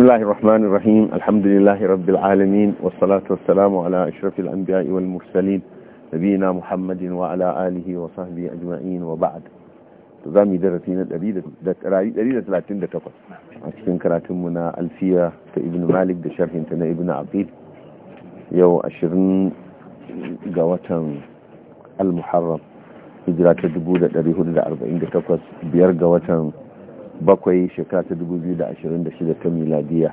بسم الله الرحمن الرحيم الحمد لله رب العالمين والصلاة والسلام على أشرف الأنبياء والمرسلين نبينا محمد وعلى آله وصحبه أجمعين وبعد تزامي درسينا دليل 30 دقيقة أشكين كراتمنا ألفية ابن مالك بشرح انتنا ابن عبيد يو أشرين قوة المحرم هجرات الدبودة 448 بيرقوة bakwai shekara ta 2026 ta miladiya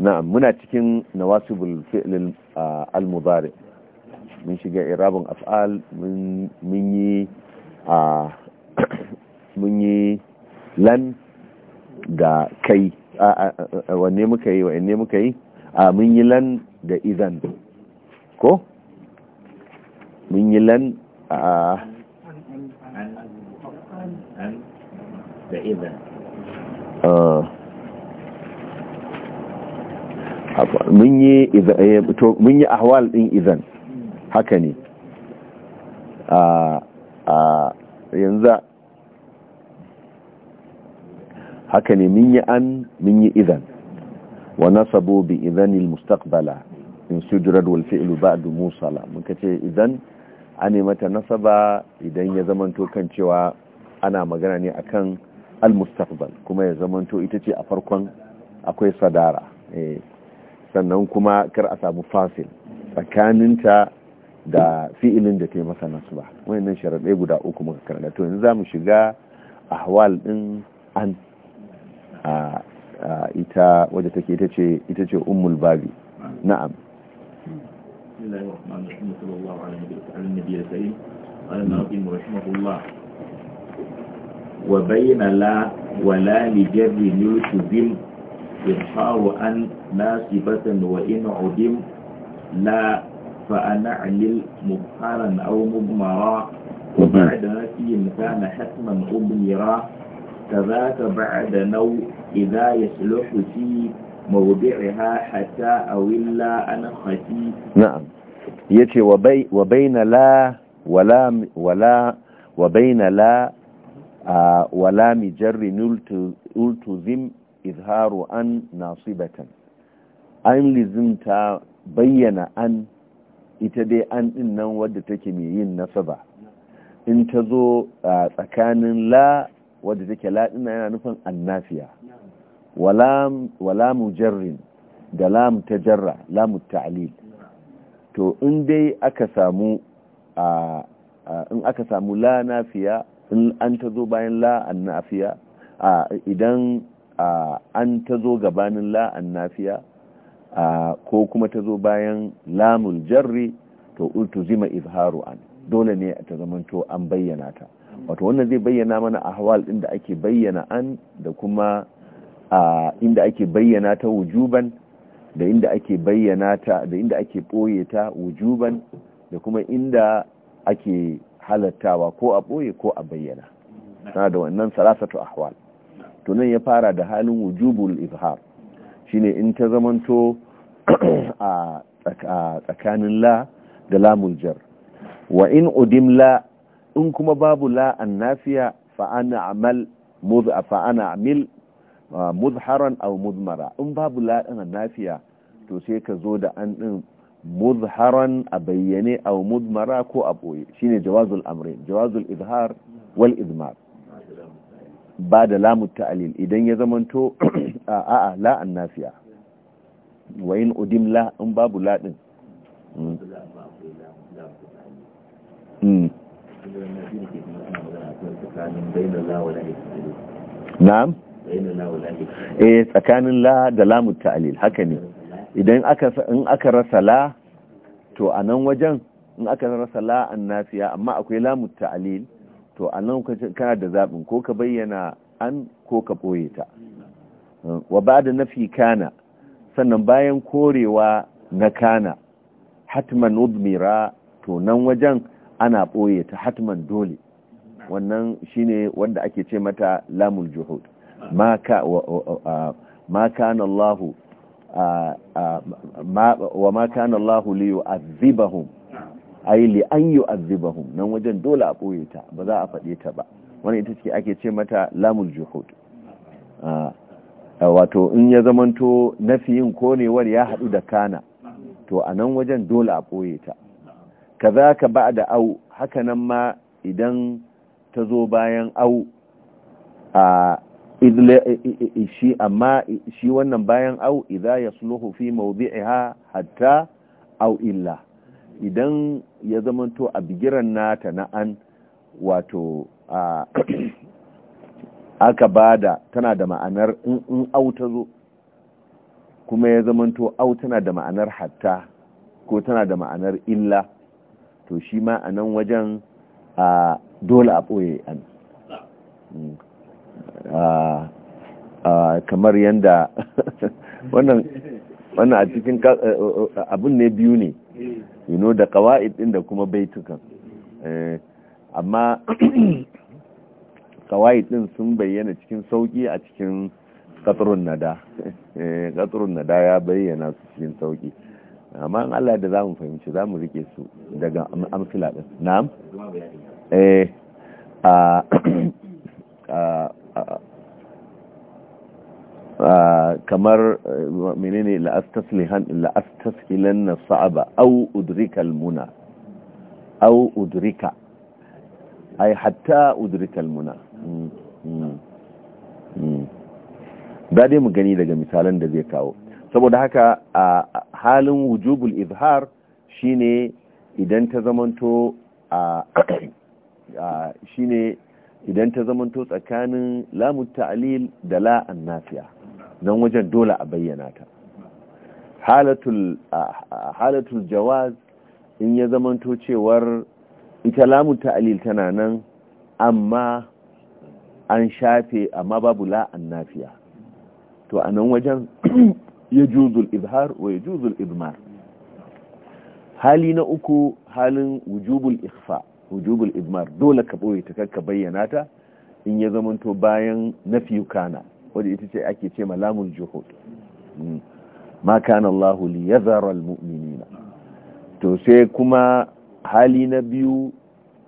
na'am muna cikin nawasibul fi'lil ah, al-mudari mun shiga irabin af'al mun yi a ah, mun yi lan da kai wanne muka yi wanne muka yi a mun yi lan da idan ko mun yi lan a ah, Ah. Eh, mun yi ahwal din idan haka ne ah, ah, a yanzu haka ne mun yi an mun yi idan wa nasabu bi izanil mustaqbala in sujrad wal fi'lu musala muka ce idan an mata nasaba idan ya zamanto kan cewa ana magana ne akan al kuma ya zamanto ita ce a farkon akwai sadara eh, sannan kuma kar a samu fasil tsakaninta da fi'ilin da ta yi masa nasu ba wayannan sharaɗai guda uku muka karanta to yanzu za shiga ahwal ɗin an a ita wadda take ita ce ita ce ummul babi na'am بسم الله الرحمن الرحيم صلى الله عليه وسلم على النبي الكريم قال رحمه الله wa bayna la wa la li jarri yutuzim إظهار أن ناسبة وإن عدم لا فأنا علل مبهرا أو مضمرا وبعد نفي كان حتما أضمرا كذاك بعد نو إذا يصلح في موضعها حتى أو إلا أنا خفي نعم يتي وبي وبين لا ولا ولا وبين لا wala mi jarri ultuzim izharu an nasibatan an lizimta bayyana an ita dai an din nan wadda take mai yin nasaba in ta zo tsakanin la wadda take la yana nufin annafiya wala mujarrin da lam jarra lamu ta'lil to in dai aka samu in aka samu la nafiya in an ta zo bayan la'an nafiya idan an ta zo gabanin la'an nafiya ko kuma ta zo bayan lamul jarri to zima izharu an dole ne ta zamanto an bayyana ta wato wannan zai bayyana mana ahwal din da ake bayyana an da kuma inda ake bayyana ta wujuban da inda ake bayyana ta da inda ake boye ta wujuban da kuma inda ake halattawa ko a ɓoye ko a bayyana na da wannan salasatu ahwal tunan ya fara da halin wujubul izhar shine in ta zamanto a tsakanin la da lamul jar wa in udim la in kuma babu la an nafiya fa ana amal fa ana amil uh, muzharan aw muzmara in babu la an nafiya to sai ka zo da an din muzharan a bayyane a mudmara ko a ɓoye shine jawazul amri. jawazul izhar wal izmar ba da lamu ta'alil idan ya zamanto a'a la an nafiya wa in udim la in babu la din na'am eh tsakanin la da lamu ta'alil haka ne idan aka in aka rasa la to a nan wajen in aka rasa la'an nafiya amma akwai lamu ta'alil to a nan kana da zaɓin ko ka bayyana an ko ka ɓoye ta wa ba da nafi kana sannan bayan korewa na kana hatman udmira to nan wajen ana ɓoye ta hatman dole wannan shine wanda ake ce mata lamul juhud ma kana Allahu wa ma kana Allahu li yu'adhibahum ay li an yu'adhibahum nan wajen dole a boye ta ba za a fade ta ba wannan ita ce ake ce mata lamul juhud wato in ya zamanto nafiyin konewar ya hadu da kana to a nan wajen dole a ɓoye ta ka za ka ba da au hakanan ma idan ta zo bayan au a shi amma shi wannan bayan au idza yasluhu fi mawdi'iha hatta au illa idan ya zamanto a bigiran nata na an wato aka bada tana da ma'anar in au ta zo kuma ya zamanto au tana da ma'anar hatta ko tana da ma'anar illa to shi ma a nan wajen dole a ɓoye an kamar yadda wannan a cikin eh, eh, abin ne biyu ne you da kawai din da kuma baitukan eh, amma kawai din sun bayyana cikin sauki a cikin katsurun nada katsurun nada ya bayyana su cikin sauki amma an Allah da za mu fahimci za mu rike su daga amsila na'am eh a kamar menene la'astaslihan na sa'aba au udrika almuna au udrika ai hatta udrika almuna dade mu gani daga misalan da zai kawo saboda haka a halin wujubul izhar shine idan ta zamanto a shine idan ta zamanto tsakanin lamun ta'alil da la'an nafiya nan wajen dole a bayyana ta halatul jawaz in ya zamanto cewar ita lamun ta'alil tana nan amma an shafe amma babu la'an nafiya to a nan wajen ya juzul izhar wa ya juzul izmar hali na uku halin wujubul ikhfa' wujubul ibmar dole ka boye ta kakka bayyana ta in ya zamanto bayan nafi kana wadda ita ce ake ce malamun juhud mm. ma kana Allah li yazara almu'minina to sai kuma hali na biyu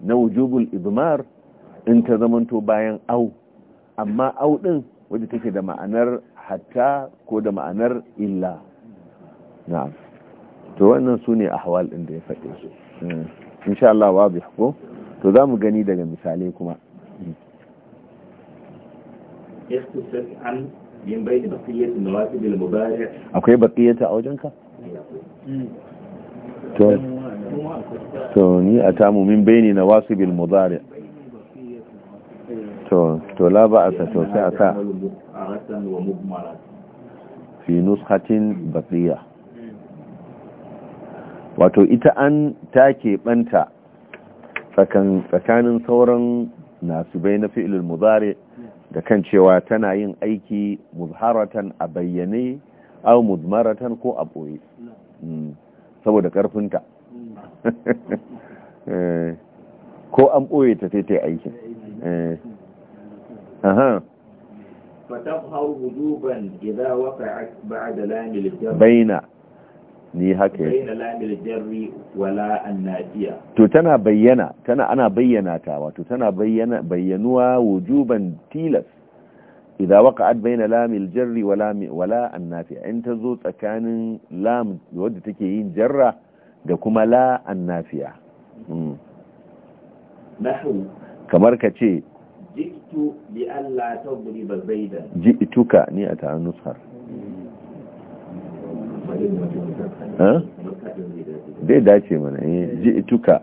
na wujubul idmar in ta zamanto bayan au amma au din wadda take da ma'anar hatta ko da ma'anar illa na'am to wannan su ne ahwal ɗin da ya faɗe su mm. insha Allah wazi ko to za mu gani daga misalai kuma akwai bakiyata a wajenka? to ni a tamu min bayani na wasu bil mudari to la ba a ta to sai a sa fi nuskatin bakiya wato ita an ta banta tsakanin sauran nasibai na fi'ilul muzare da kan cewa tana yin aiki muzharatan a bayyane au muzmaratan ko a ɓoye hmm. saboda ƙarfinta eh, ko an ɓoye ta sai ta aikin فتظهر وجوبا إذا وقعت بعد لام الجر بين ni haka yake bayyana lamil jarri wala to tana bayyana tana ana bayyana ta wato tana bayyana bayyanuwa wujuban tilas idan waqa'at bayna lamil jarri wala lam wala annafi'a in ta zo tsakanin lam wadda take yin jarra da kuma la annafi'a hmm. nahu kamar ka ce ji'tu bi alla tadriba zaidan ji'tuka ni a ta zai dace mana yi eh, ji ituka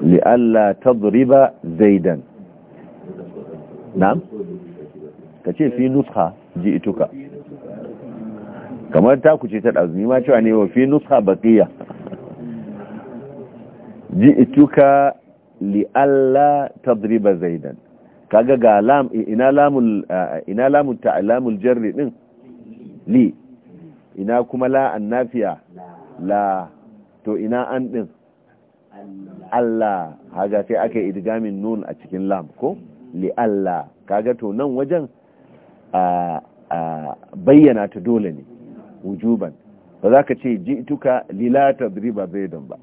li'alla ta tadriba zaidan na'am ka ce fi nusha ji ituka kamar ta kuce ta ɗazumi ma cewa ne wa fi nusha baqiya ji ituka li'alla tadriba zaidan kaga ga lam ina lamul ina lamul ta'lamul jarri din li ina kuma la an nafiya la to ina an din Allah haga sai aka idgamin nun a cikin lam ko li Allah kaga to nan wajen a bayyana ta dole ne wujuban ba za ka ce ji tuka lila ta zai don ba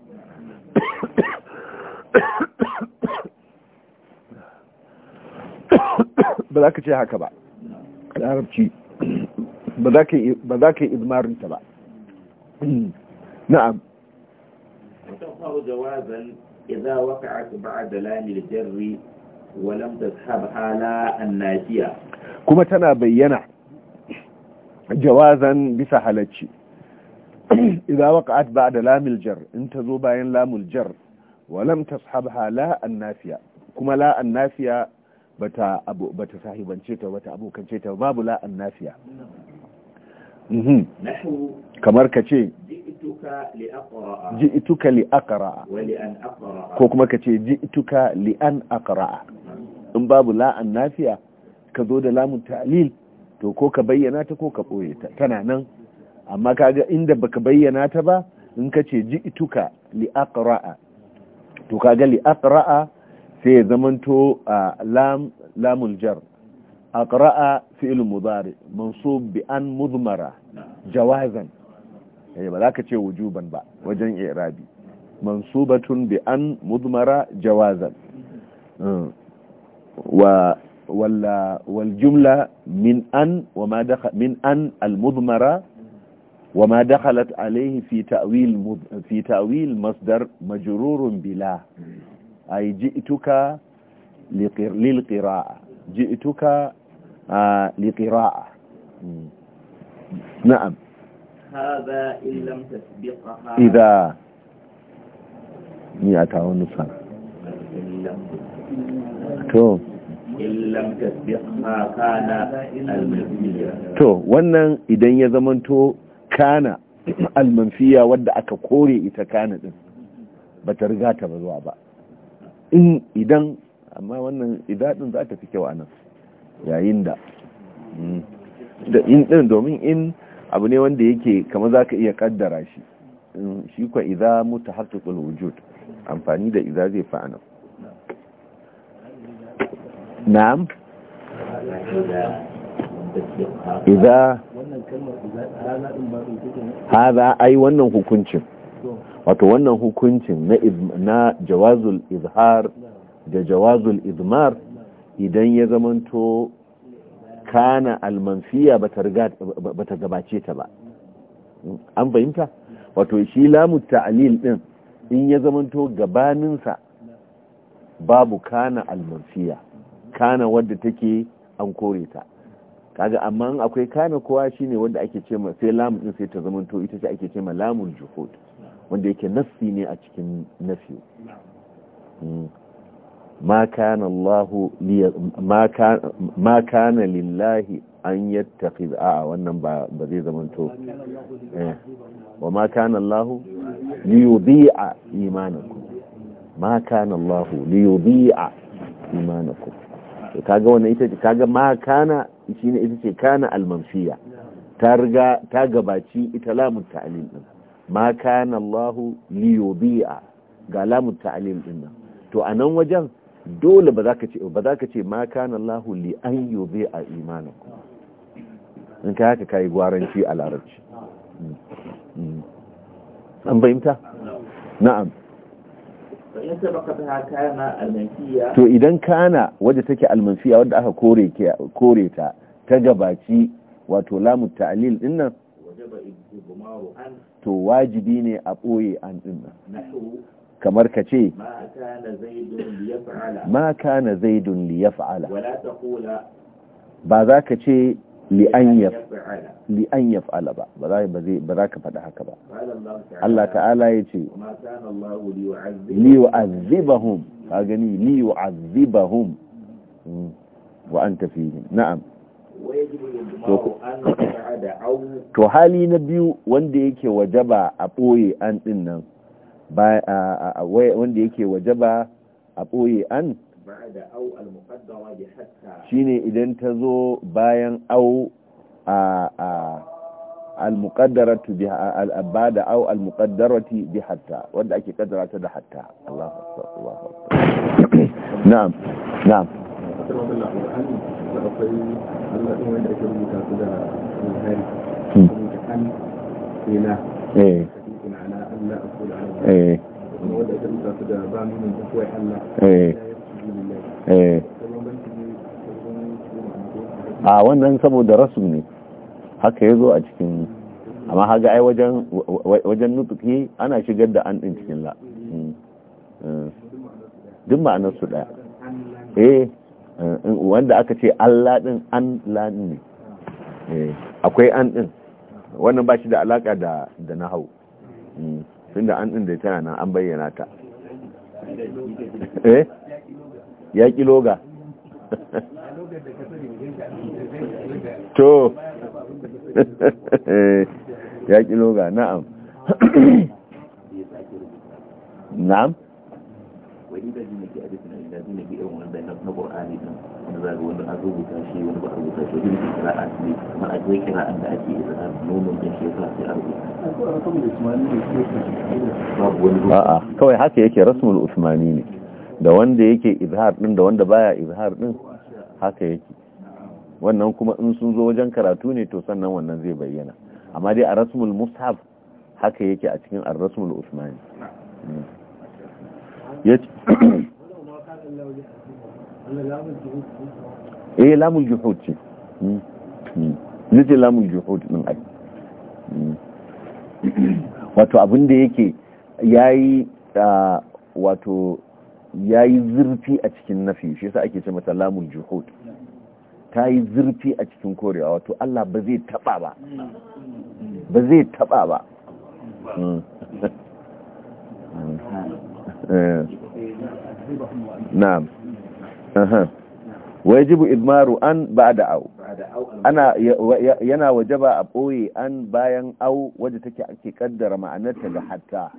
ba za ka ce haka ba larabci ba za ka yi izmarinta ba na'am kuma tana bayyana jawazan bisa halacci idan waka atba da lamil jar in ta zo bayan lamul jar walam tashab hala annafiya kuma la annafiya bata abu bata sahibance ta abokance ta babu la annafiya Mhm. kamar ka ce ji'ituka li aqra'a ko kuma ka ce ji'ituka li an aqra'a in babu la'an nafiya ka zo da lamun ta'lil to ko ka bayyana ta ko ka ɓoye ta tana nan amma kaga inda baka bayyana ta ba in ka ce ji'ituka li aqra'a to kaga li aqra'a sai ya zamanto a ah, lamun jar أقرأ فعل مضارع منصوب بأن مضمرة نعم. جوازا هي يعني بلاك تشي وجوبا با وجن إعرابي منصوبة بأن مضمرة جوازا آه. و ولا والجملة من أن وما دخل من أن المضمرة وما دخلت عليه في تأويل مض... في تأويل مصدر مجرور بلا أي جئتك للقراءة جئتك لقراءه نعم هذا ان لم تسبقها لم تسبقها كان to تو wannan idan ya zamanto kana almanfiya wadda aka kore ita kana din bata riga ta bazuwa ba in idan amma wannan idadin za ta fi kyau anan yayin da mm. ɗin domin in abu ne wanda yake kama za ka iya kaddara shi shi kwa iza mutu haƙiƙul wujud amfani da iza zai fa'ana na'am iza haza yi wannan hukuncin wato wannan hukuncin na jawazul izhar da jawazul izmar idan ya zamanto kana almanfiya ba ta gabace ta ba an fahimta wato shi lamu ta'alil din in ya zamanto gabaninsa babu kana almanfiya kana wadda take an kore ta kaga amma akwai kana kowa shine wadda ake ce ma sai lamu din sai ta zamanto ita ce ake ce ma lamun juhud wanda yake nassi ne a cikin nafi hmm. ma kana lillahi an yattaqiz a wannan ba ba zai zamanto wa ma kana Allahu li a imanaku ma kana Allahu li a imanaku to kaga wannan ita ce kaga ma kana shi ne ita ce kana al ta gabaci ita lamun ta'lil din ma kana Allahu li a ga lamun ta'lil din nan to a nan wajen dole ba za ka ce ba za ka ce ma kana Allahu li an a imanakum in ka haka kai gwaranci a larabci hmm. an bayyanta na'am to idan kana wadda take almanfiya wadda aka kore ta ta gabaci wato lamu ta'lil dinnan to wajibi ne a ɓoye an dinnan kamar ka ce ma kana zaidun li fa’ala ba za ka ce li’an ya fa’ala ba ba za ka faɗa haka ba Allah ta'ala ya ce li yu'azzibahum ka gani li yu'azzibahum mm. wa anta fihim na'am to hali na biyu wanda yake wajaba a ɓoye an ɗin nan wanda yake ba a ɓoye an ne idan ta zo bayan au al-muqaddaratu bi al-abada aw al-muqaddarati bi hatta wanda ake kaddara da hatta Allahu Allahu akbar na'am na'am hmm. Hmm. Eh. Eh. Eh. a wannan saboda rasu ne haka ya zo a cikin amma haga ai wajen nutuki ana shigar da an ɗin cikin la hmm. duk ma'anar su ɗaya eh wanda aka ce Allah ɗin an la ne akwai an ɗin wannan ba shi da alaƙa da na hau hmm. tunda an inda da tana nan an bayyana ta eh ya loga to ya loga na'am na'am wani da na ke adadin na jini ke irin wanda na ƙorani din wanda za ga wanda a rubuta shi wani ba a rubuta shi wani ba a ne a kira an da ake isa nonon da shi ya sai a rubuta a'a kawai haka yake rasmul usmani ne da wanda yake izhar din da wanda baya izhar din haka yake wannan kuma in sun zo wajen karatu ne to sannan wannan zai bayyana amma dai a rasmul mushaf haka yake a cikin ar-rasmul usmani hmm. eh lamul juhud ce hmm. Hmm. yace lamul juhud din ai wato abin da yake yi wato yi zurfi a cikin nafi shi yasa ake ce mata lamun juhud ta yi zurfi a cikin korewa wato Allah ba zai taba ba ba zai taba ba hmm. na'am wajibu idmaru an ba da au ana yana wajaba a ɓoye an bayan au wadda take ake kaddara ma'anarta da hatta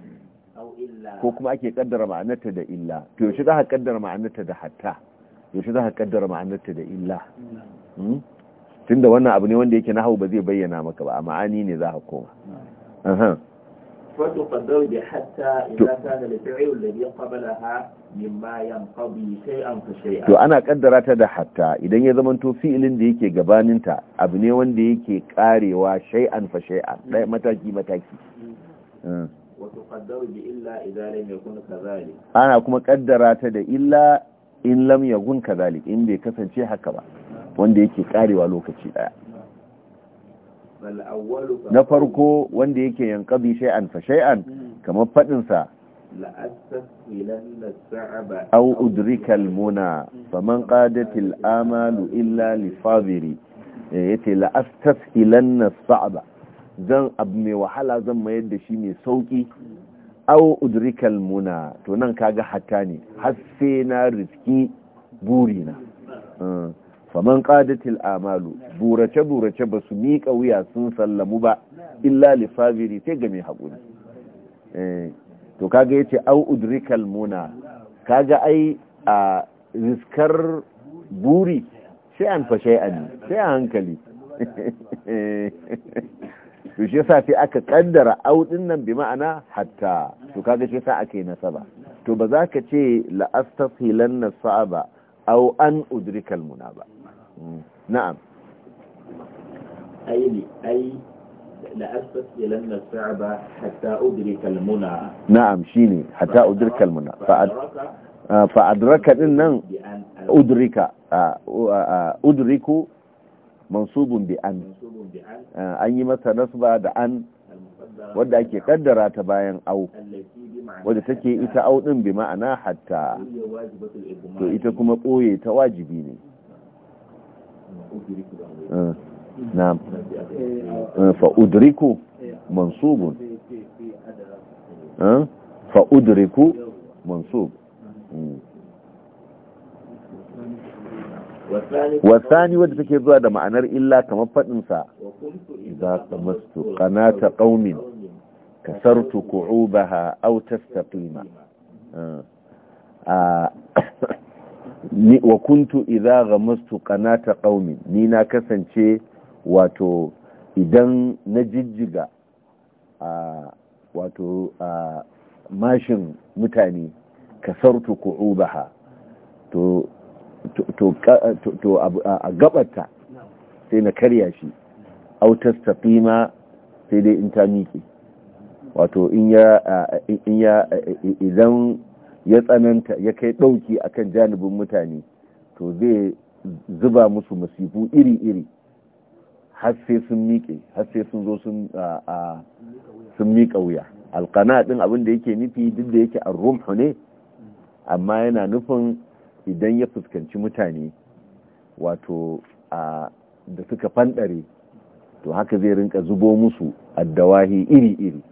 ko kuma ake kaddara ma'anarta da illa to yaushe za ka kaddara ma'anarta da hatta yaushe za ka kaddara ma'anarta da illa hmm? tunda wannan abu ne wanda yake na hau ba zai bayyana maka ba a ma'ani ne za ka koma to ana kaddara ta da hatta idan ya zama to fi'ilin da yake gabaninta abu ne wanda yake karewa shay'an fa shay'an dai mataki mataki ana kuma kaddara ta da illa in lam yakun kadhalik in bai kasance haka ba wanda yake karewa lokaci daya na farko wanda yake yankabi shay'an fa shay'an hmm. kamar fadin sa au al muna faman qadatil amalu illa lisabiri yace la al sa'ba zan abu mai wahala zan mayar da shi mai sauki au al muna to nan kaga hatta ne har sai na riski burina faman qadatil amalu burace burace basu su miƙa wuya sun sallamu ba illa li fabiri sai ga mai haƙuri eh, to kaga yace au udrikal muna kaga ai a riskar buri sai an fashe an sai a hankali to shi yasa sai aka kaddara au nan bi ma'ana hatta to kaga shi yasa ake nasaba to ba za ka ce la astafilanna sa'aba au an udrikal muna ba na'am ai ai لأستسئلن الصعب حتى أدرك المنى نعم شيني حتى أدرك المنى فأدرك إنن أدرك أدرك منصوب بأن أن يمسى wadda ake kaddara ta bayan au wadda take ita au din bi ma'ana hatta to ita kuma ɓoye ta wajibi ne نعم فأدرك منصوب فأدرك منصوب والثاني take zuwa da ma'anar illa kamar faɗinsa za ka mastu ƙanata ƙaumin kasartu ku'ubaha au ni wa kuntu idza ghamastu qanata qaumi ni na kasance wato idan na jijjiga a wato a mashin mutane kasartu ku'ubaha to to to a gabata sai na karya shi au tastaqima sai dai in ta miƙe wato in ya idan ya tsananta ya kai ɗauki a kan janibin mutane to zai zuba musu masifu iri-iri har sai sun miƙe har sai sun zo sun miƙa wuya alkana ɗin abin da yake nufi duk da yake arrumhu ne amma yana nufin idan ya fuskanci mutane wato da suka fanɗare to haka zai rinka zubo musu addawahi iri-iri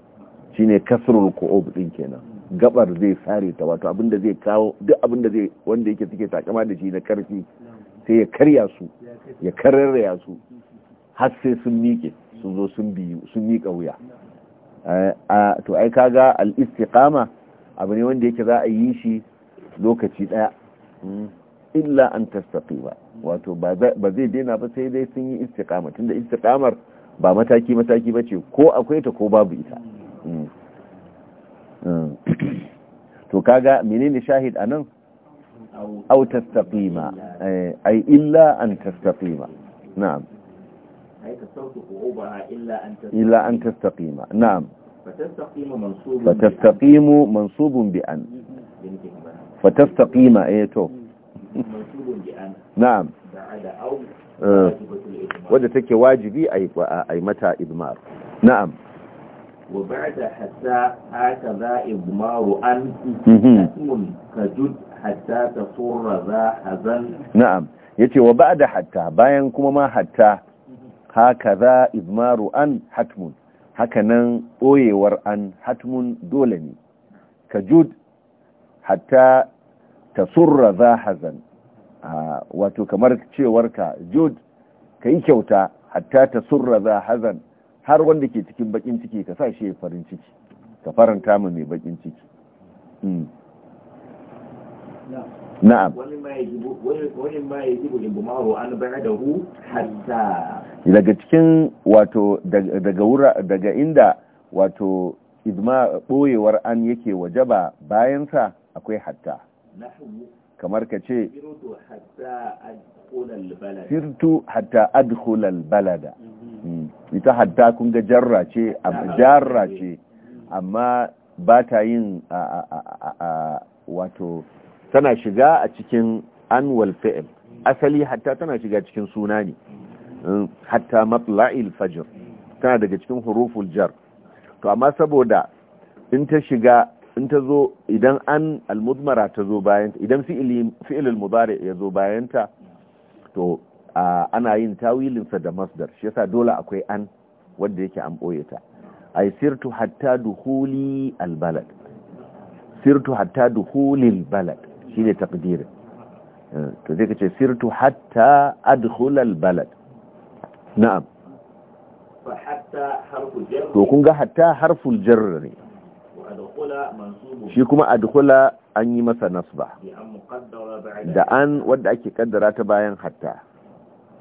shine kasrul ko'ob ɗin kenan gabar zai sare ta wato abinda zai kawo duk abinda zai wanda yake suke takama da shi na karfi sai ya karya su ya kararraya su har sai sun miƙe sun zo sun biyu sun miƙa wuya to ai kaga al-istiqama abu ne wanda yake za a yi shi lokaci daya hmm. illa an tastaqima wato ba zai daina ba sai dai sun yi istiqama tunda istiqamar ba mataki mataki bace ko akwai ta ko babu ita hmm. Mm. to kaga menene shahid anan aw tastaqima eh, ay illa an tastaqima na'am illa an tastaqima na'am fatastaqimu mansubun bi an tastaqima eh to na'am eh, wadda take wajibi ai mata idmar na'am wa ba'da hatta aka za igmaru an mhm. tun ka jud hatta ta tura za a zan na'am ya wa ba'da hatta bayan kuma ma hatta haka za igmaru an hatmun haka nan an hatmun dole ne ka jud hatta ta tura za a zan wato kamar cewar ka jud ka kyauta hatta ta surra za hazan har wanda ke cikin bakin ciki ka sa shi farin ciki ka faranta mu mai bakin ciki na'am daga cikin wato daga wura daga inda wato izma boyewar an yake wajaba sa akwai hatta kamar ka ce sirtu hatta adkhulal balada ita hatta kun ga jarra ce jarra ce amma ba ta yin wato tana shiga a cikin annual fi'il asali hatta tana shiga cikin suna ne mm, hatta matla'il fajr tana daga cikin huruful jar to amma saboda in ta shiga in ta zo idan an almudmara ta zo bayanta idan fi'ilul mudari ya zo bayanta to ana yin tawilinsa da masdar shi yasa dole akwai an wanda yake an ɓoye ta ay sirtu hatta duhuli albalad sirtu hatta duhulil balad shine takdirin eh, to zai kace sirtu hatta adkhula albalad na'am to kun ga hatta harful jar ne shi kuma adkhula an yi masa nasba da an wanda ake kaddara ta bayan hatta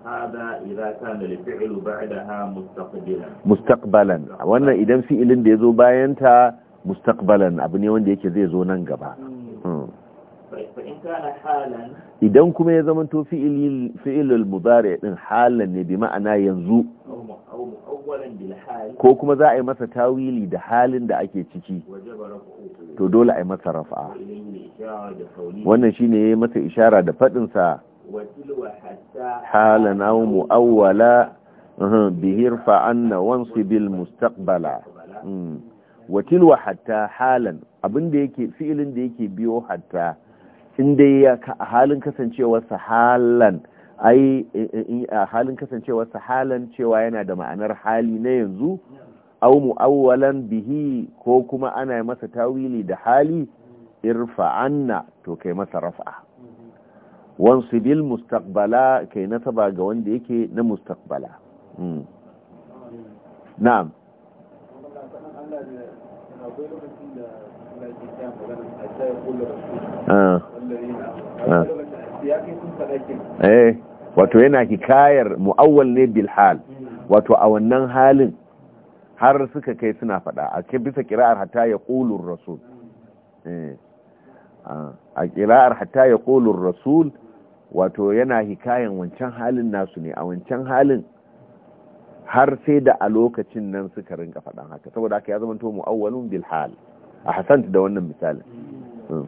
هذا إذا كان da بعدها مستقبلا مستقبلا وانا إذا فعل da yazo bayan ta mustaqbalan abu ne wanda yake zai zo nan gaba idan kuma ya zama to fi'ilul mudari din halan ne bi ma'ana yanzu ko kuma za a yi masa tawili da halin da ake ciki to dole a yi masa rafa wannan shine ya yi masa ishara da faɗinsa حالا أو مؤولا به ارفع عنا وانصب المستقبلا وتلو حتى حالا abin da yake fi'ilin da yake biyo hatta in dai ya halin kasancewarsa halan ai halin kasancewarsa halan cewa yana da ma'anar hali na yanzu au mu'awwalan bihi ko kuma ana masa tawili da hali irfa'anna to kai masa raf'a. wansu bil mustaqbala kai nasaba ga wanda yake na mustaqbala hmm. na'am ah. Ah. Eh, wato yana hikayar mu'awwal ne bil hal wato a wannan halin har suka kai suna fada a bisa kira'ar hatta ya qulur rasul eh a ƙira'ar hatta ya ƙolin rasul wato yana hikayen wancan halin nasu ne a wancan halin har sai da a lokacin nan suka rinka faɗan haka saboda aka ya zama to mu'awwalun bil hal a hasanta da wannan misalin hmm.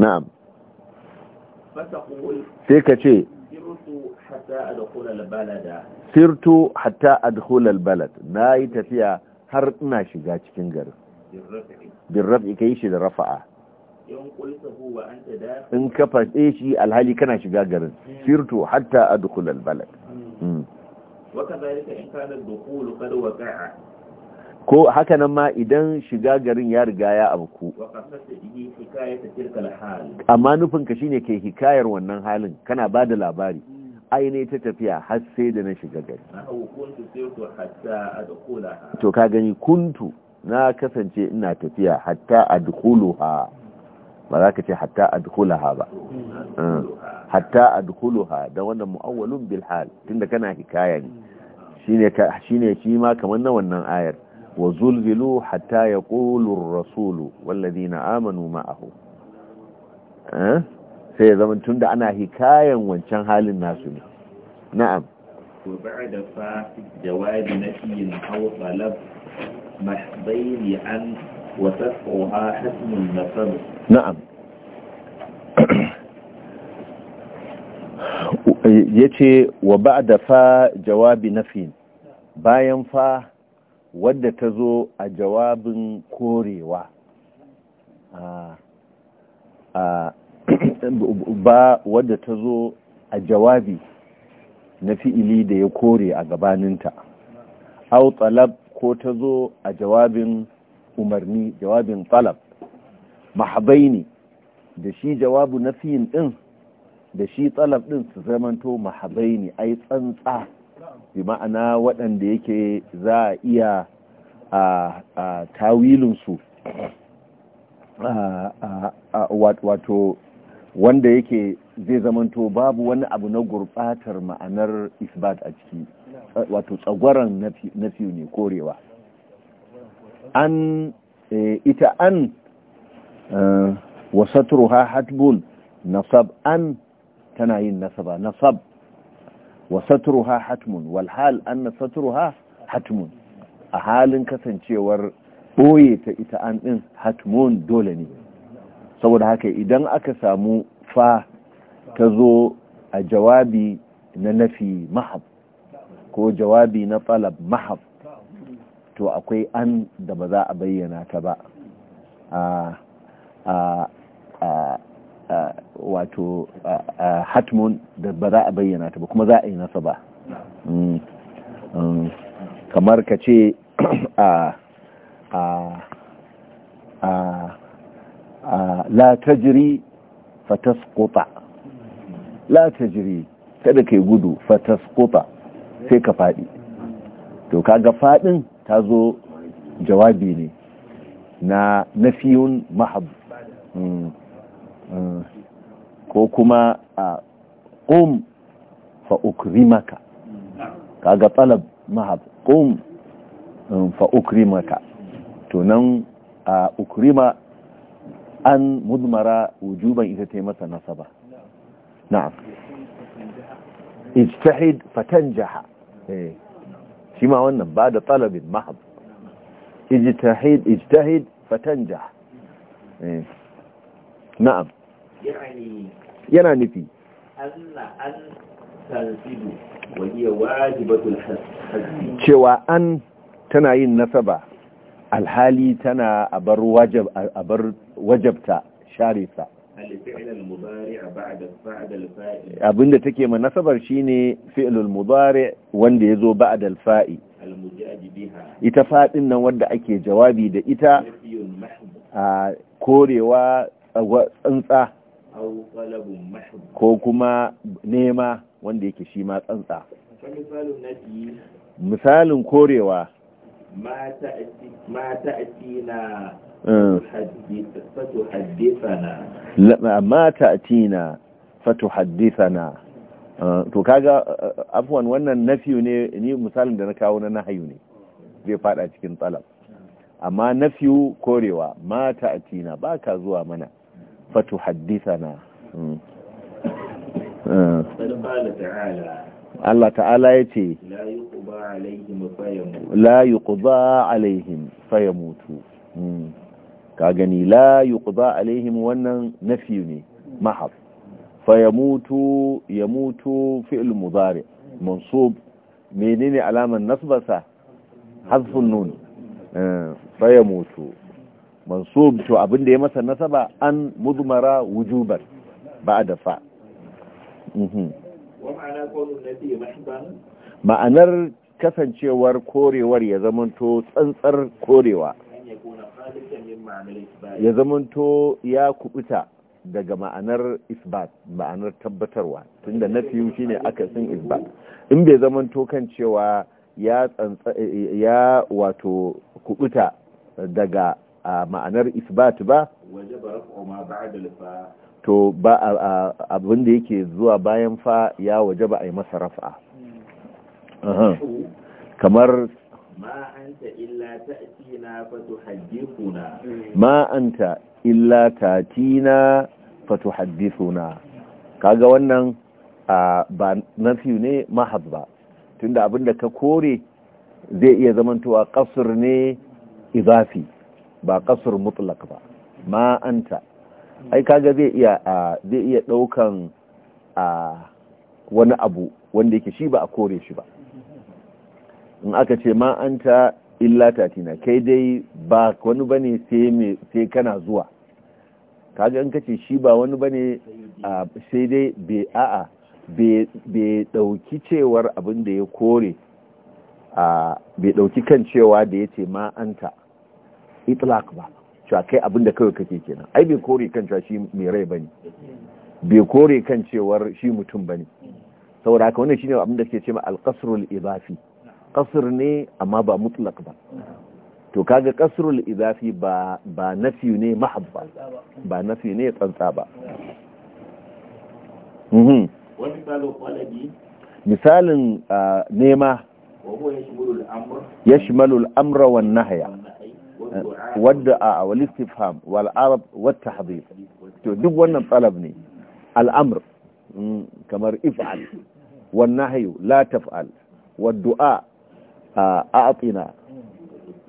na'am sai ka ce sirtu hatta da al balad na yi tafiya har ina shiga cikin garin bin raf'i kai shi da rafa'a in ka faɗe shi alhali kana shiga garin firtu hatta a adkhul albalad hmm. Hmm. ko haka nan ma idan shiga garin ya riga ya abku amma nufin ka shine ke hikayar wannan halin kana ba da labari hmm. aine ta tafiya har sai da na shiga gari to ka gani kuntu na kasance ina tafiya hatta a ha. ba za ka ce hatta adkhulaha ba mm. hatta adkhuluha da wannan mu'awwalun bil hal tunda kana hikaya ne shine shine shi ma kamar na wannan ayar wa zulzilu hatta yaqulu ar-rasulu na amanu ma'ahu eh? sai ya zaman tunda ana hikayen wancan halin nasu ne na'am fa jawabi na فا جواب نفي أو طلب محضين an. وتفعها النسب نعم yace wa ba da fa jawabi nafi bayan fa wadda ta zo a jawabin korewa ba wadda ta zo a jawabi na fi'ili da ya kore a gabaninta au talab ko ta zo a jawabin umarni jawabin talab mahabaini da shi jawabu na nafiyin din da shi talab din su zamanto mahabaini ai tsantsa bi ma'ana waɗanda yake za a iya a tawilinsu wato wanda yake zai zamanto babu wani abu na gurbatar ma'anar isbat a ciki wato tsagwaron nafiyu ne korewa an e, ita an e, ha hatbun nasab an tana yin nasaba nasab ha hatmun wal hal nasatru ha hatmun a halin kasancewar boye ta ita an din hatmun dole ne saboda haka idan aka samu fa ta zo a jawabi na nafi mahab ko jawabi na talab mahab to akwai an da ba za a bayyana ta ba wato hatmun da ba za a bayyana ta ba kuma za a yi nasa ba mm. mm. kamar ka ce la tajiri fataskuta la tajiri kada ka yi gudu fataskuta sai ka faɗi to kaga faɗin ta zo jawabi ne na nafiyun mahab mm, mm, ko kuma a ƙum fa'ukrimaka kaga talab mahab ƙum mm, fa'ukrimaka to nan a ukrima an mudmara wujuban ita ta yi masa nasaba na'am ijtahid fatanjaha eh shi ma wannan ba da talabin mahab ijtahid ijtahid fatanja eh. na'am yana nufi cewa an tana yin nasaba alhali tana abar wajab abar wajabta sharifa abinda take ma nasabar shine fi'lul mudari wanda yazo ba'da al-fa'i ita fadin nan wanda ake jawabi da ita a korewa tsantsa ko kuma nema wanda yake shi ma tsantsa misalin korewa ma ta'atina ma ta'tina to kaga afwan wannan nafiyu ne ni misalin da na kawo na nahayu ne zai fada cikin talab amma nafiyu korewa ma ta'tina baka zuwa mana fatuhaddithana Allah ta'ala ya ce la ƙuba alaihim fayamutu ka gani la a alaihim wannan nafi ne mahaf fa yamutu yamutu fi'l mudari mansub ne alaman nasbasa hasfin nun eh, fa mutu mansub to abinda ya masa nasaba an wujubar ba a dafa ma'anar kasancewar korewar ya zamanto tsantsar korewa ya zamanto ya kubuta daga ma'anar isbat ma'anar tabbatarwa tunda na ne shine akasin isbat in bai zamanto kan cewa ya wato kubuta daga ma'anar isbat ba to ba abin da yake zuwa bayan fa ya waje ba a yi masa raf'a hmm. kamar ma anta illa ta'tina fatuhaddithuna ma anta illa kaga wannan ba nafi ne mahab ba tunda abinda ka kore zai iya zamantowa kasur ne izafi ba kasur mutlak ba ma anta ai kaga zai iya zai iya daukan wani abu wanda yake shi ba a kore shi ba in aka ce ma ta illa tatina kai dai ba wani bane sai kana zuwa kaga in kace shi ba wani bane sai dai bai a'a bai dauki cewar abin da ya kore bai dauki kan cewa da ya ce ma ta itlaq ba cewa kai abin da kawai kake kenan ai bai kore kan cewa shi mai rai bane bai kore kan cewar shi mutum bane saboda haka wannan shine abin da ce cewa al-qasrul idafi kasar ne amma ba mutlak ba to kaga kasrul idafi ba ba nafi ne mahabba ba nafi ne tsantsa ba mhm misalin nema yashmalul amra wan nahya eh, wadda a wal istifham wal arab wat tahdhir to duk wannan talab ne al'amr mm, kamar if'al wan nahyu la taf'al wad du'a a atina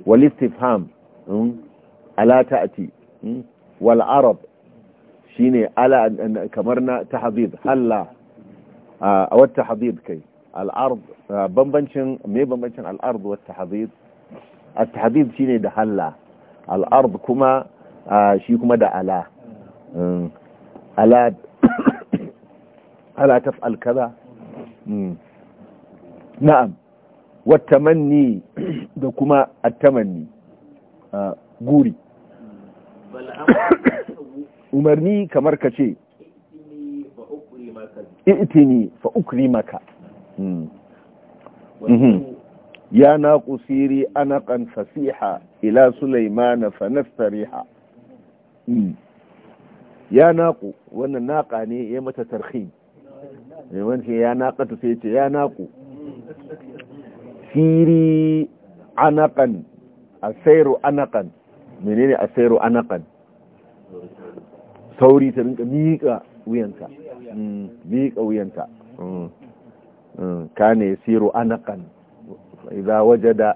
wal istifham ala ta'ati wal arab shine ala kamar na tahdid halla a wata tahdid kai al ard bambancin me bambancin al ard wa tahdid al tahdid shine da halla al ard kuma shi kuma da ala ala ala taf'al kaza na'am wattamanni da kuma attamanni guri umarni kamar ka ce itini fa maka hmm. mhm. ya na kusiri ana kan fasiha ila sulaimana fa nastariha hmm. ya naku wannan naka ne ya mata tarhi eh, wani ya naƙatu sai ce ya naku siri anakan asairu anakan menene asairu anakan sauri ta rinka miƙa wuyanka mm, miƙa wuyanka mm, mm, kane siru anakan idza wajada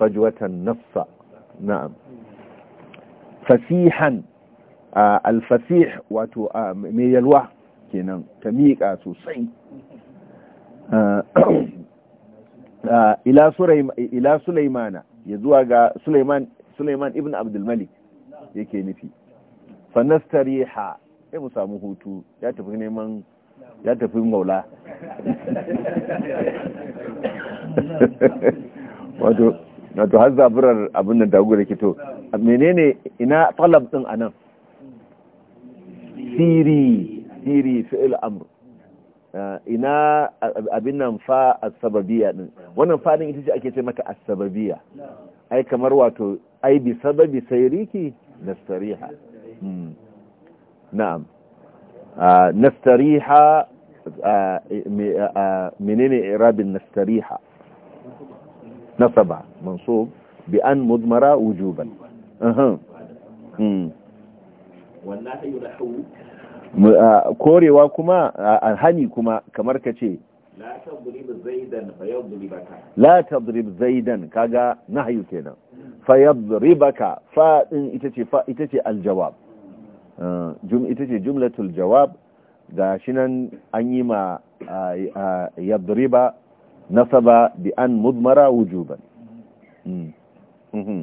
fajwatan nafsa na'am fasihan alfasih wato mai yalwa kenan ta miƙa sosai ila sulaimana ya zuwa ga sulaiman ibn abdulmalik yake nufi ha, ya mu samu hutu ya tafi neman ya tafi maula wato har zaburar abin da dagu da kito menene ina talab din anan siri siri fi'il amur. Eh, ina abin nan fa asababiya din wannan fadin ita ce ake ce mata asababiya ai kamar wato ai bi sababi sayriki nastariha hmm. na'am ah, nastariha ah, ah, menene irabin nastariha nasaba mansub bi an mudmara wujuban والنهي نحو hmm. korewa kuma hani kuma kamar ka ce la tadrib zaidan kaga nahyu kenan fayadribaka fa din ita ce fa ita ce aljawab ita ce jumlatul jawab ga shi nan an yi ma yadriba nasaba bi an mudmara wujuban mm. mm-hmm.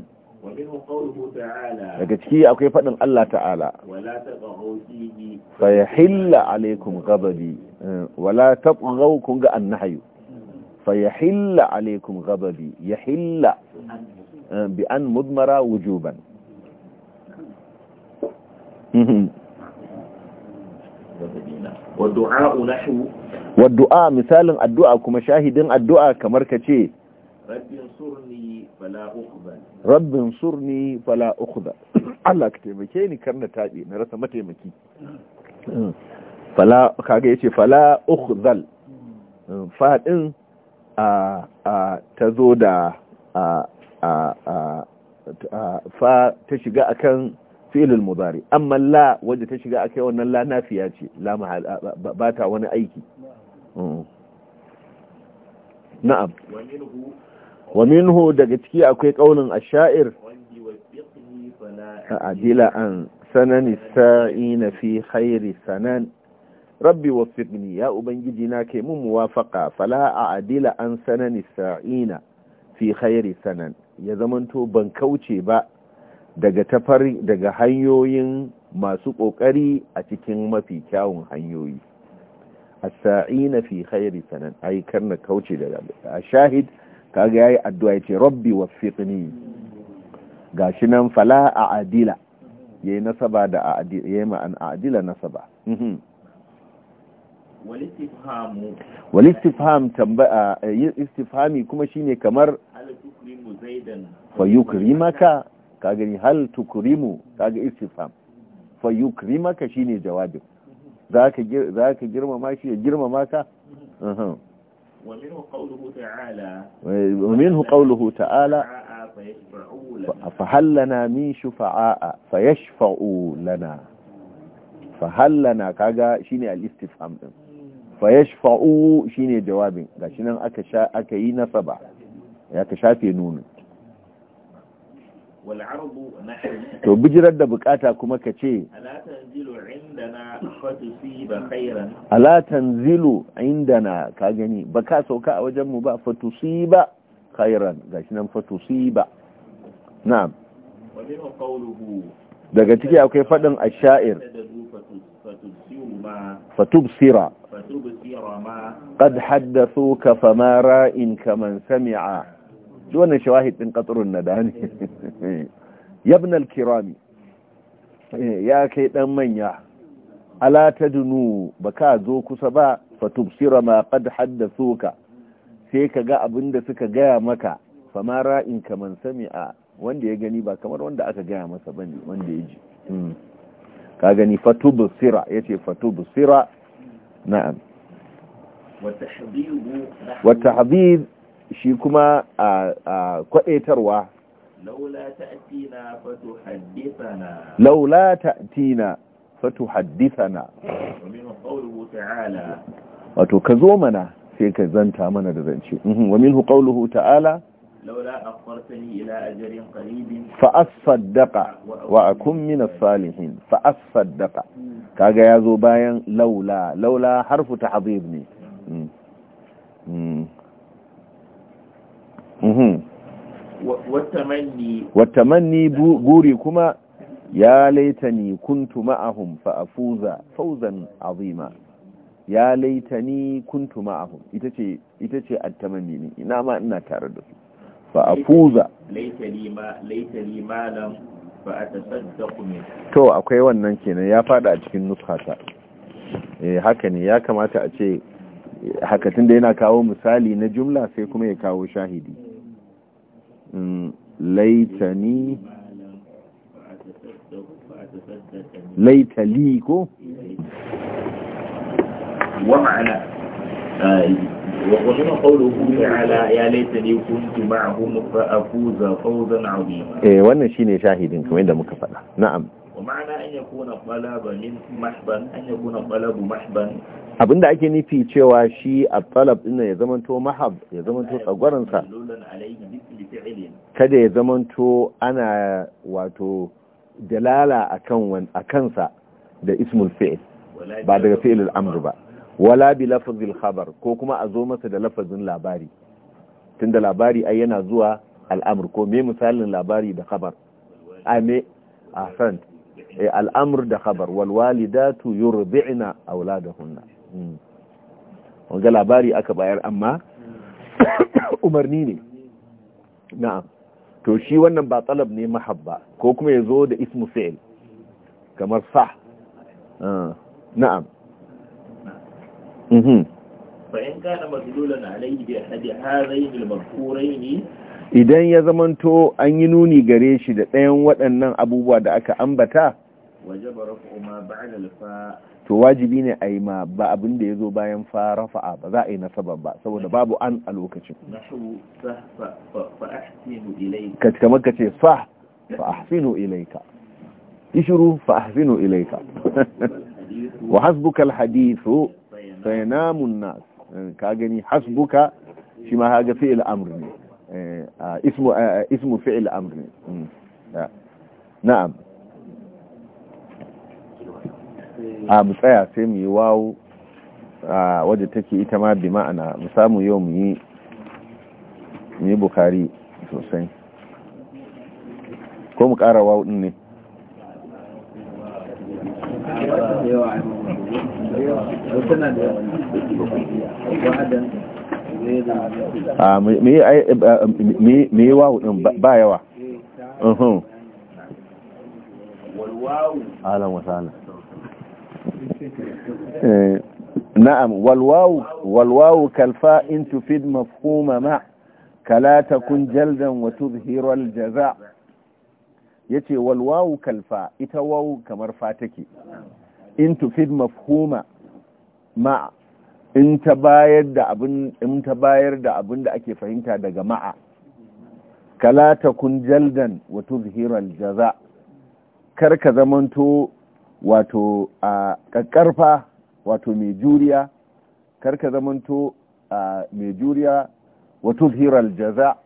daga ciki akwai faɗin Allah ta'ala fa ya hilla alaikum gababi wala taɓarau eh, kun ga annahayu fa ya hilla alaikum gababi ya hilla eh, bi an mudmara wujuban mhm. wadda'a misalin addu'a kuma shahidin addu'a kamar ka ce rabbi rabbin surni fala ukhda Allah ka taimake ni karna tabi na rasa mataimaki fala kaga yace fala ukhdal fadin a a tazo da a a fa ta shiga akan fi'lul mudari amma la waje ta shiga akai wannan la nafiya ce la ba ta wani aiki na'am wa minhu daga ciki akwai kaulin ashair adila an sanani sa'ina fi khairi sanan rabbi waffiqni ya ubangiji na kai mun muwafaqa fala a'dila an sanani sa'ina fi khairi sanan ya zamanto ban kauce ba daga tafari daga hanyoyin masu kokari a cikin mafi kyawun hanyoyi as-sa'ina fi khairi sanan ai karna kauce daga shahid kaga yayi addu'a yace rabbi waffiqni gashi nan fala a'dila yayi nasaba da a'dila yayi ma'an a'dila nasaba mhm. Wali istifham tambaya istifhami kuma shine kamar fa yukrimaka ka gani hal tukrimu kaga istifham fa yukrimaka shine jawabin zaka zaka girmama shi ya girmama ka mhm. Mhm. ومنه قوله تعالى ومنه قوله تعالى فهل لنا من شفعاء فيشفعوا لنا فهل لنا كذا شيني الاستفهام فيشفعوا شيني جوابين gashi nan aka اكا aka yi nasaba ya ka to bijirar da bukata kuma ka ce Alatan ala inda na ka gani ba ka sauka a wajenmu ba fatusi ba ga shi nan fatusi ba na'am daga ciki akwai fadin ashair fatubsira qad ka fama ra'in kaman sami'a duk wannan shawahid din qatrun nadani yabna al-kirami ya kai dan manya ala tadnu baka zo kusa ba fatubsira ma qad haddathuka sai ka ga abin suka gaya maka fama ra'in kaman sami'a wanda ya gani ba kamar wanda aka gaya masa bane wanda ya ji hmm. ka gani fatubsira yace fatubsira na'am wa tahdhib shi kuma a kwaɗetarwa laula ta'tina fatuhaddithana wato ka zo mana sai ka zanta mana da zance mhm. wa minhu qawluhu ta'ala laula ila ajrin qaribin fa asaddaqa wa akun min as-salihin fa asaddaqa kaga yazo bayan laula laula harfu ta'dhib ne hmm. Hmm. Hmm. Mhm. wattamanni buri kuma ya laitani kuntu ma'ahum fa afuza fauzan azima ya laitani kuntu ma'ahum ita ce ita ce attamanni ne ina ma ina tare da su fa afuza laitani ma laitani malam fa atasaddaqu min to akwai wannan kenan ya fada a cikin nuskata eh haka ne ya kamata a ce haka tunda yana kawo misali na jumla sai kuma ya kawo shahidi laitani laitali ko ومعنى وقلنا قوله تعالى يا ليتني كنت معهم فافوز فوزا عظيما ايه wannan shine shahidin kamar yadda muka faɗa na'am ومعنى يكون من محبا يكون abinda ake nufi cewa shi a talab din ya zama to mahab ya zama to tsagwaransa kada ya zamanto ana wato dalala a kansa da ismul fi'il ba daga fi'il al'amr ba wala bi lafazil khabar ko kuma a zo masa da lafazin labari tunda labari ai yana zuwa al'amr ko me misalin labari da khabar a me ahsan eh, al'amur da khabar wal walidatu yurdi'na auladahunna hmm. Wanda labari aka bayar amma hmm. umarni ne na'am to shi wannan ba talab ne mahabba ko kuma ya zo da ismu fi'il kamar sa ah, na'am mhm. fa'in kana madlulan alayhi bi ahadi hadhayn al-madhkurayn idan ya zamanto an yi nuni gare shi da ɗayan waɗannan abubuwa da aka ambata wajaba rafu ma ba'da al-fa to wajibi ne a yi ma ba abin da ya zo bayan fara fa'a ba za a yi nasaba ba saboda babu an a lokacin ka maka ka ce fa fa'ahsinu ilaika ishuru fa'ahsinu ilaika wa hasbuka alhadithu sayanamu nas eh, ka gani hasbuka shi ma haga fi'il amr ne eh, ismu ismu fi'il amr ne hmm. na'am a mu tsaya sai mu yi wawo a wadda take ita ma bi ma'ana mu samu yau mu yi mu yi bukari sosai ko mu kara wawo din ne me yi wawo din ba yawa eh, alan wasana Eh, na'am walwawu walwawu kalfa in tufid mafhuma ma kala takun jaldan wa tuzhiru jaza. yace walwawu kalfa ita wawu kamar fa take in tufid mafhuma ma in ta bayar da abin in ta bayar da abin da ake fahimta daga ma'a kala takun jaldan wa tuzhiru jaza, kar ka zamanto wato a ƙaƙƙarfa wato mai juriya karka zamanto a mai juriya wato hirar jaza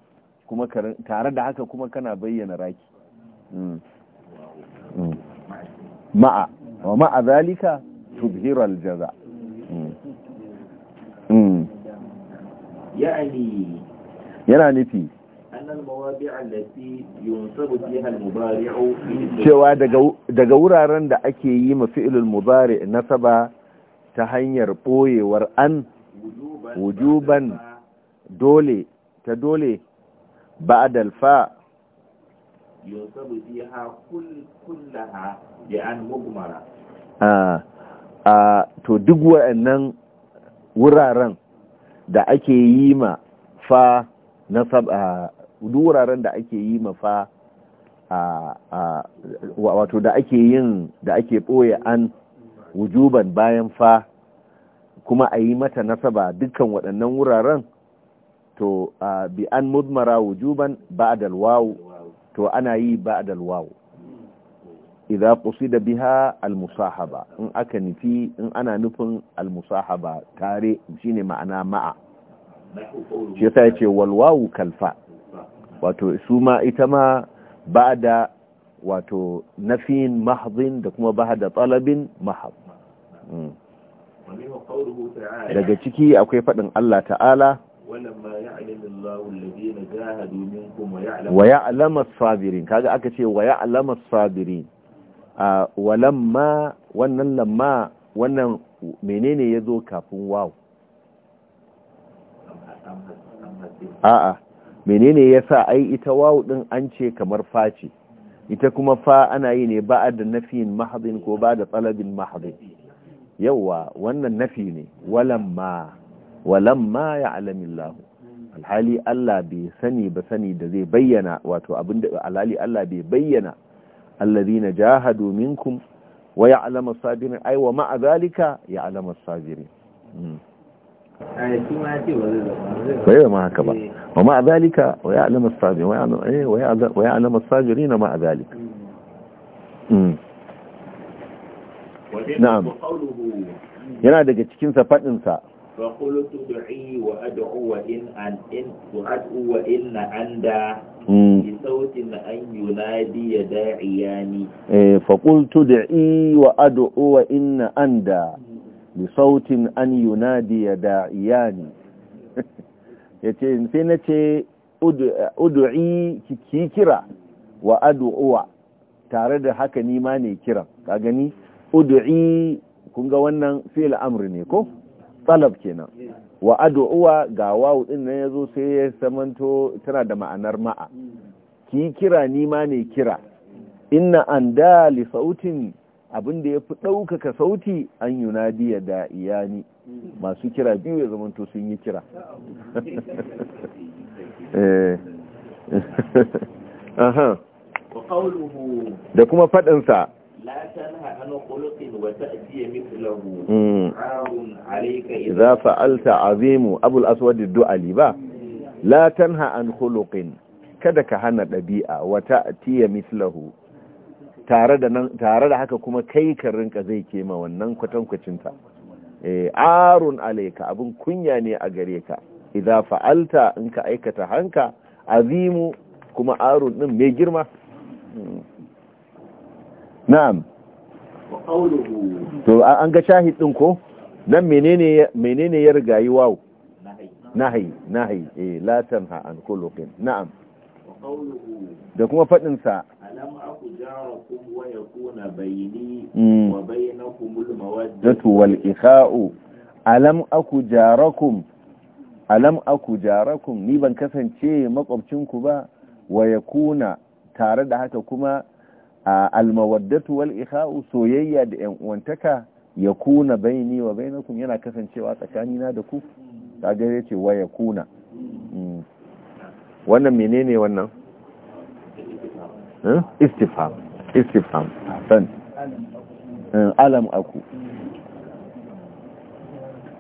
kuma tare da haka kuma kana bayyana raki mm. Mm. ma'a wa ma'a zalika tubhiral jaza mm. yana nufi cewa daga wuraren da ake yi ma fi'ilul mubari nasaba ta hanyar boyewar an wujuban dole ta dole ba a dalfa a to duk wa'annan wuraren da ake yi ma fa wuraren da ake yi mafa a wato da ake yin da ake ɓoye an wujuban bayan fa kuma a yi mata nasaba dukkan waɗannan wuraren to bi an mudmara wujuban a wawu to ana yi ba'dal wawu idza qusida biha almusahaba. in aka nufi in ana nufin almusahaba tare shine ma'ana ma'a shi yasa yace wal kalfa wato su ma ita ma ba da wato nafin mahadin da kuma ba da talabin mahab hmm. daga ciki akwai faɗin Allah ta'ala wa ya'lama sabirin kaga aka ce wa ya'lama sabirin walamma wannan lamma wannan menene ya zo kafin waw a'a menene yasa ai ita wawu din an ce kamar fa ce ita kuma fa ana yi ne ba da nafiyin mahadin ko ba da tsalabin mahadin yauwa wannan nafi ne walamma walamma ya alamin lahu alhali Allah bai sani ba sani da zai bayyana wato abinda alhali Allah bai bayyana allazina jahadu minkum wa ya'lamu sabirin ai wa ma'a zalika ya'lamu sabirin hmm. bai zama haka ba wa ma dalika wa ya alama sabi wa ya alama eh, sabiri na ma dalika hmm. na'am yana daga cikin sa fadin sa فقلت دعي وأدعو وإن أن إن وأدعو ya أندى بصوت أن ينادي du'i wa ad'u wa inna anda lisautin sautin an yunadi ya da'iyani ya ce sai na ce udu'i ki kira wa adu'uwa tare da haka nima ne kiran ka gani udu'i kunga wannan fi'il amri ne ko talab kenan wa adu'uwa ga wawu din nan yazo sai ya samanto tana da ma'anar ma'a ki kira nima ne kira inna anda li sautin abin da ya fi ɗaukaka sauti an yi biya da iyani masu kira biyu ya zamanto sun yi kira eh. da kuma faɗinsa za hmm. fa'alta azimu abul aswadi du'ali ba hmm. la tanha an khuluqin kada ka hana ɗabi'a wata atiya mislahu tare da haka kuma kai ka rinka zai kema wannan kwatankwacinta eh arun alayka abin kunya ne a gare ka idza fa'alta in ka aikata hanka azimu kuma arun din mai girma hmm. na'am to an ga shahid din ko nan menene menene ya rigayi wawo nahi nahi eh la tanha an khuluqin na'am da kuma fadin sa alam aku jarakum wa yakuna hmm. wa bainakum al mawaddatu wal ikha'u alam aku jarakum alam aku jarakum ni ban kasance makwabcinku ba wa yakuna tare da haka kuma al mawaddatu wal ikha'u soyayya da yan uwantaka kuna bayani wa bainakum yana kasancewa tsakanina da ku kaga yace wa yakuna hmm. wannan menene wannan Eh? istifam istifam san eh, alam aku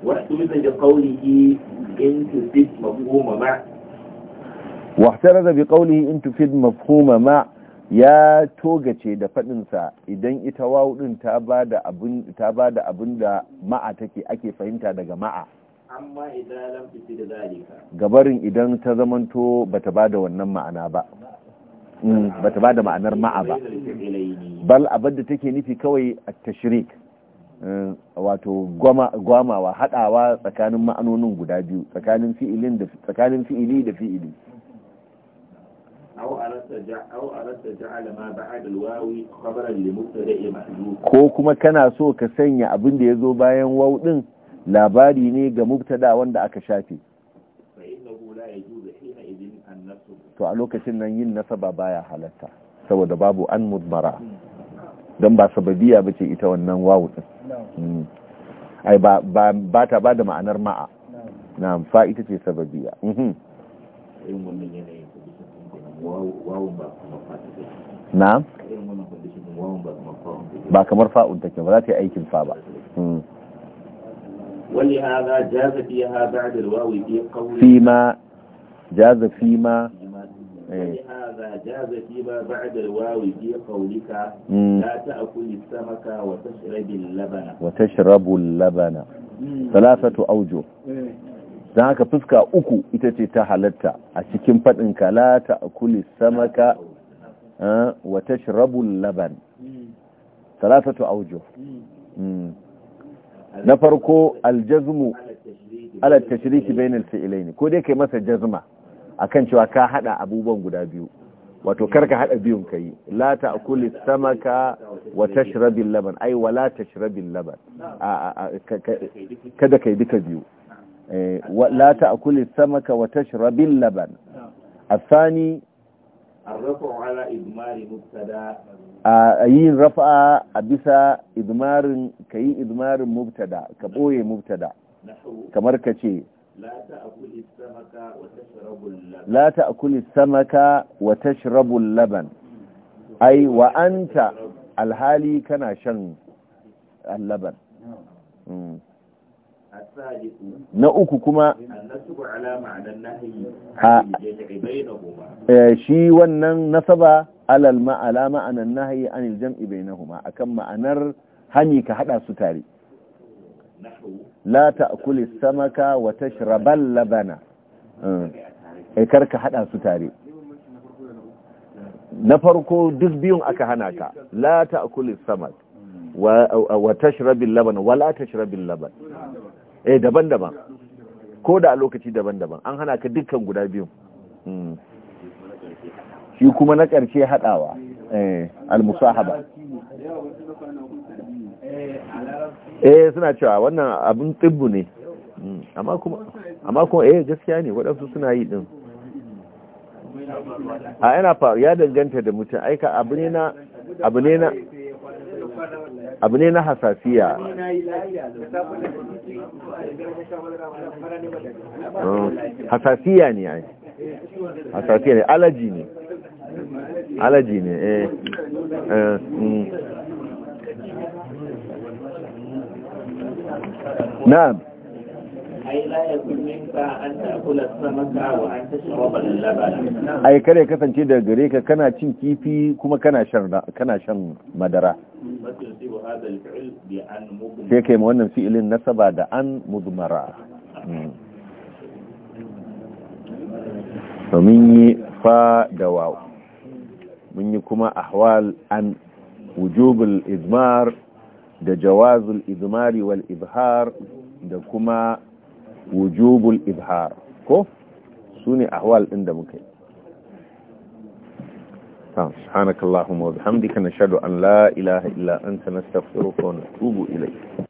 واحترز بقوله ان تفيد مفهوم ما ya togace da faɗinsa idan ita wawu ɗin ta ba da abin da ma'a take ake fahimta daga ma'a amma idan da zalika gabarin idan ta zamanto bata ba da wannan ma'ana ba Mm, ba ta ba da ma'anar ma'a ba bal abin da take nufi kawai a tashirik eh, wato gwamawa haɗawa tsakanin ma'anonin guda biyu tsakanin fi'ili da tsakanin fi'ili da fi'ili ko kuma kana so ka sanya abin da ya zo bayan waw din labari ne ga mubtada wanda aka shafe to a lokacin nan yin nasaba baya halatta saboda babu an mudmara don ba sababiya ba ce ita wannan wawu din ai ba ta ba da ma'anar ma'a na amfa ita ce sababiya mhm. na ba kamar fa'un take ba za ta yi aikin fa ba Wani ولهذا جاز فيها بعد الواو في قول فيما جاز فيما ولهذا جاز فيما بعد الواو في قولك لا تأكل السمك وتشرب اللبن وتشرب اللبن ثلاثة أوجه Dan haka fuska uku ita ce ta halatta a cikin faɗin kala ta akuli samaka wata shirabun laban salatatu aujo na farko aljazmu ala tashriki bainal fi'laini ko dai kai masa jazma akan cewa ka hada abubuwan guda biyu wato karka hada biyun kai la ta'kuli samaka wa tashrabil laban ay wa la tashrabil laban kada kai duka biyu eh, la ta'kuli samaka wa tashrabil laban الثاني الرفع a yi rafa a bisa idmarin kai idmarin mubtada ka boye mubtada kamar kace la ta'kuli samaka wa tashrabu laban ai wa alhali kana shan laban na uku kuma shi wannan nasaba alal ma'ala ma'anan nahayi anil jam'i bainahuma akan ma'anar hani ka haɗa su tare la ta'kuli samaka wa tashrabal labana eh, eh karka hada su tare na farko duk biyun aka hana ka la ta'kuli samak wa tashrabil laban wa la tashrabil laban eh daban-daban ko da a lokaci daban-daban an hana ka dukkan guda biyun hmm. shi kuma na ƙarshe haɗawa eh, al-musahaba eh suna cewa wannan abin tsibbu ne mm, amma kuma eh gaskiya ne waɗansu suna yi ɗin a yana faru ya danganta da mutum aika abu ne na hasasiya mm, hasasiya ne ai hasasiya ne alaji ne alaji ne eh, eh mm. na'am ai kare kasance da gare ka kana cin kifi kuma kana shan kana shan madara sai kai ma wannan fi'ilin nasaba da an mudmara domin yi fa da wa, mun yi kuma ahwal an wujubul izmar da jawazul izmari wal izhar da kuma wujubul ibhar ko su ne ahwal ɗin da muka yi سبحانك اللهم وبحمدك نشهد أن لا إله إلا أنت نستغفرك ونتوب إليك